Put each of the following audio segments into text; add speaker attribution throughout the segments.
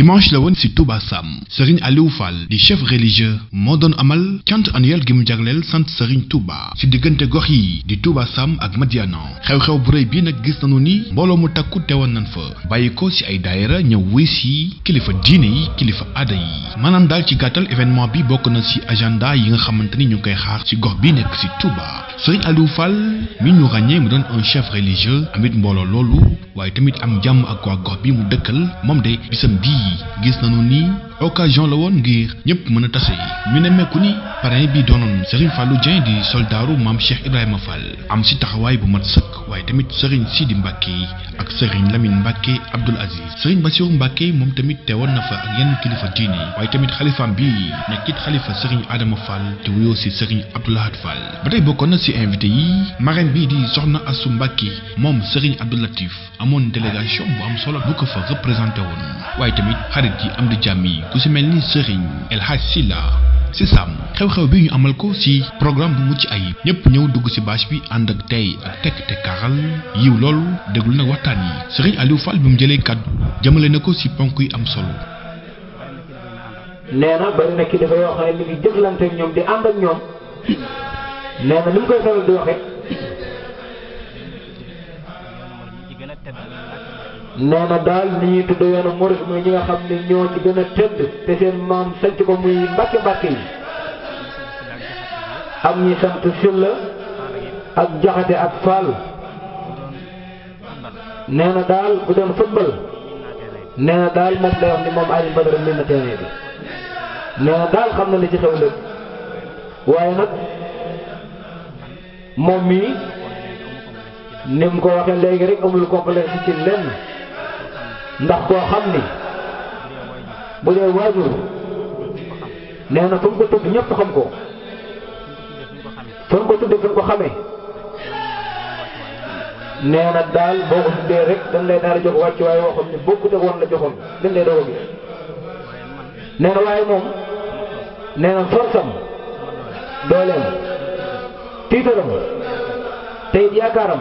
Speaker 1: dimanche la woon ci Touba Sam Serigne Aliou di chef religieux moo doon amal cant annuel gi mu jagleel sant Serigne Touba ci diggante gox yi di Touba Sam ak Madiana xew-xew bu rëy bii nag gis nañu ni mbooloo mu takku teewoon nañ fa bàyyi ko ci ay daayira ñëw wuy ci kilifa diine yi kilifa aada yi maanaam daal ci gàttal événement bi bokk na ci agenda yi nga xamante ni ñu ngi koy xaar ci gox bi nekk ci Touba. Serigne Aliou Fall mi ñu ràññee mu doon un chef religieux amit mbooloo loolu waaye tamit am jàmm ak waa gox bi mu dëkkal moom de bisam bii gis nañu nii occasion la woon ngir ñëpp mën a tase yi ñu nemmeeku ni parrain bi doonoon Serigne Fallou Dieng di soldaaru maam Cheikh Ibrahima Fall am si taxawaay bu mat sëkk waaye tamit Serigne Sidi yi ak Serigne Lamine Mbacke Abdoul Aziz Serigne Bassirou Mbacke moom tamit te woon na fa ak yenn kilifa diine waaye tamit xalifaam bi nekkit xalifa Serigne Adama Fall te wuyoo si Serigne Abdoulahad Fall ba tey bokkoon na si invité yi marraine bi di Soxna Assu Mbacke moom Serigne Abdoul amoon délégation bu am solo bu ko fa woon waaye tamit xarit yi am di jàmm yi ku si mel ni Serigne El Hadj Silla si sàmm xew-xew bi ñu amal ko si programme bu ci ay ñëpp ñëw dugg ci bâche bi ànd ak tey ak tekk te yiw loolu déglu nag waxtaan yi Serigne Aliou Fall bi mu jëlee kàddu jëmale na ko si ponk yi am solo.
Speaker 2: nee bari na kilifa yoo xam ne mi ngi ñoom di ànd ak ñoom nee na koy faral di waxee. nee daal ni ñuy tudde yoonu murit muy ñi xam ne ñoo ci gën a tëdd te seen maam sanc ko muy mbàkke mbàkke yi am ñi sant Sylla ak Jaxate ak Fall nee na daal bu doon football nee na daal moom lay wax ni moom Alioune Badara mën na terrain bi nee daal xam na li ci xew lépp waaye nag moom mii ni ko waxee léegi rek amul complexe ci lenn ndax koo xam ni bu dee waajur nee na fu ko tudd ñëpp xam ko fu ko tudd fu mu ko xamee nee daal boo ko tuddee rek dañ lay daal di jox wàccuwaay woo xam ne bokkut ak woon la joxoon dañ lay doog a waaye moom nee na forsam dooleem tiitaram te yaakaaram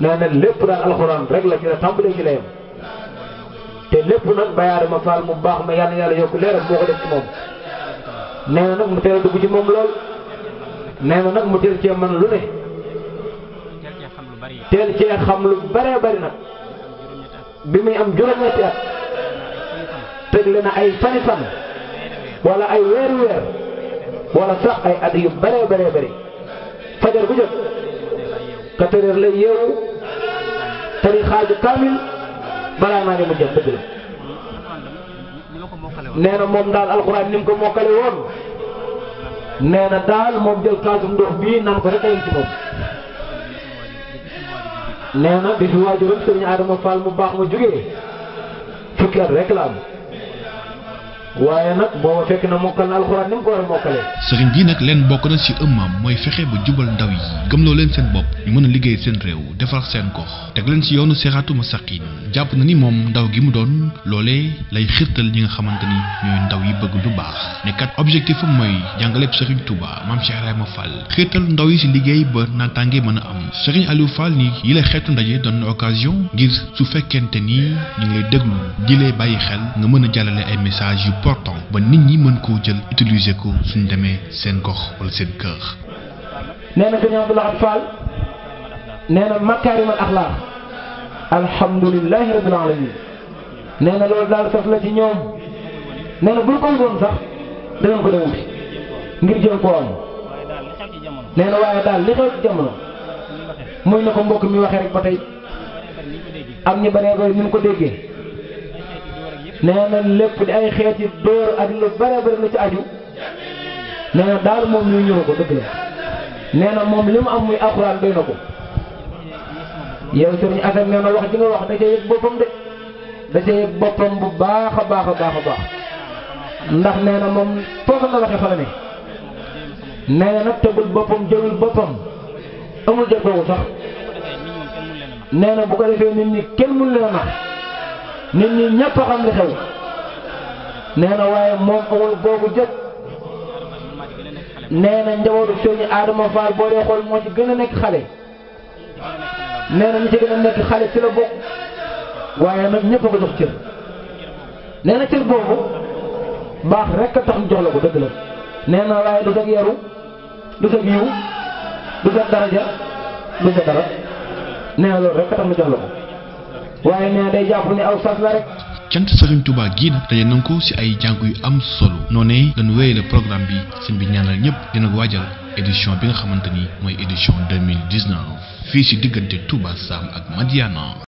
Speaker 2: nee lépp daal alxuraan rek la ci la tàmbalee ci te lépp nag Baye Adama Fall mu baax ma yàlla yàlla yokk leeram boo ko def ci moom nee na nag mu teel a dugg ci moom lool nee nag mu teel cee man lu ne teel cee xam lu bëree bëri nag bi muy am juróom-ñetti at tegle na ay fani fan wala ay weer weer wala sax ay at yu bëree bëree fajar bu jot quatre heures lay yeewu tari xaaju kaamil balaa maa ne mu jëm dëgg nee na moom daal alxuraan ni mu ko mokkale woon nee na daal moom jël kaasum ndox bii naan ko rek a yem ci moom. nee na di fi waajuram sëriñ Adama Fall mu baax ma jugee fukki rek la am. waaye nag booba
Speaker 1: sëriñ ji nag leen bokk na ci ëmmaam mooy fexe ba jubal ndaw yi gëmloo leen seen bopp ñu mën a liggéey seen réew defar seen gox teg leen ci yoonu siraatu mustaqim jàpp na ni moom ndaw gi mu doon loole lay xirtal yi nga xamante ni ñooy ndaw yi bëgg lu baax ne kat objectif am mooy jàngaleeb sëriñ Touba maam Cheikh Ibrahima Fall xirtal ndaw yi ci liggéey ba naataange mën a am sëriñ Aliou Fall ni yi la xeetu ndaje doon na occasion ngir su fekkente ni ñu ngi lay déglu lay bàyyi xel nga mën a jàllale ay message yu important ba nit ñi mën koo jël utiliser ko suñ demee seen gox wala seen kër.
Speaker 2: nee na Serigne Abdou Lahad Fall nee na makaarimal axlaaq alhamdulilahi rabbil alamin nee na loolu daal saf la ci ñoom nee na bul ko woon sax danañ ko dem ngir jël ko am nee na waaye daal li xew ci muy na ko mbokk mi waxee rek ba tey am ñu baree ba ni mu ko déggee. nee na lépp di ay xeeti dóor ak lu bare bare lu ci aju nee na daal moom ñu ñëw ko dëgg la nee na moom li mu am muy alxuraan doy na ko yow sëriñ Assane nee na wax ji nga wax da ca yëg boppam de da ca yëg boppam bu baax baax a baax a baax ndax nee na moom foofu na waxe fa la ne nee na nag boppam jëlul boppam amul jël boobu sax nee na bu ko defee nit ñi kenn mënu leen na nax nit ñi ñëpp a xam li xew nee na waaye moom amul googu jot nee na njabootu sëñ Adama Fall boo dee xool moo ci gën a nekk xale nee na ñi ci gën a nekk xale ci la bokk waaye nag ñëpp a ko jox cër nee na cër boobu baax rek a tax ñu jox la ko dëgg la nee na waaye du sag yaru du sag yiw du sag daraja du sag dara loolu rek a tax ñu jox la ko
Speaker 1: waaye nee day cant Serigne Touba gii nag daje nañ ko si ay jàng yu am solo noonee lañ wéyale programme bi sëñ bi ñaanal ñëpp dina waajal édition bi nga xamante ni mooy édition deux mille dix-neuf fii si diggante Touba Sam ak Madiana.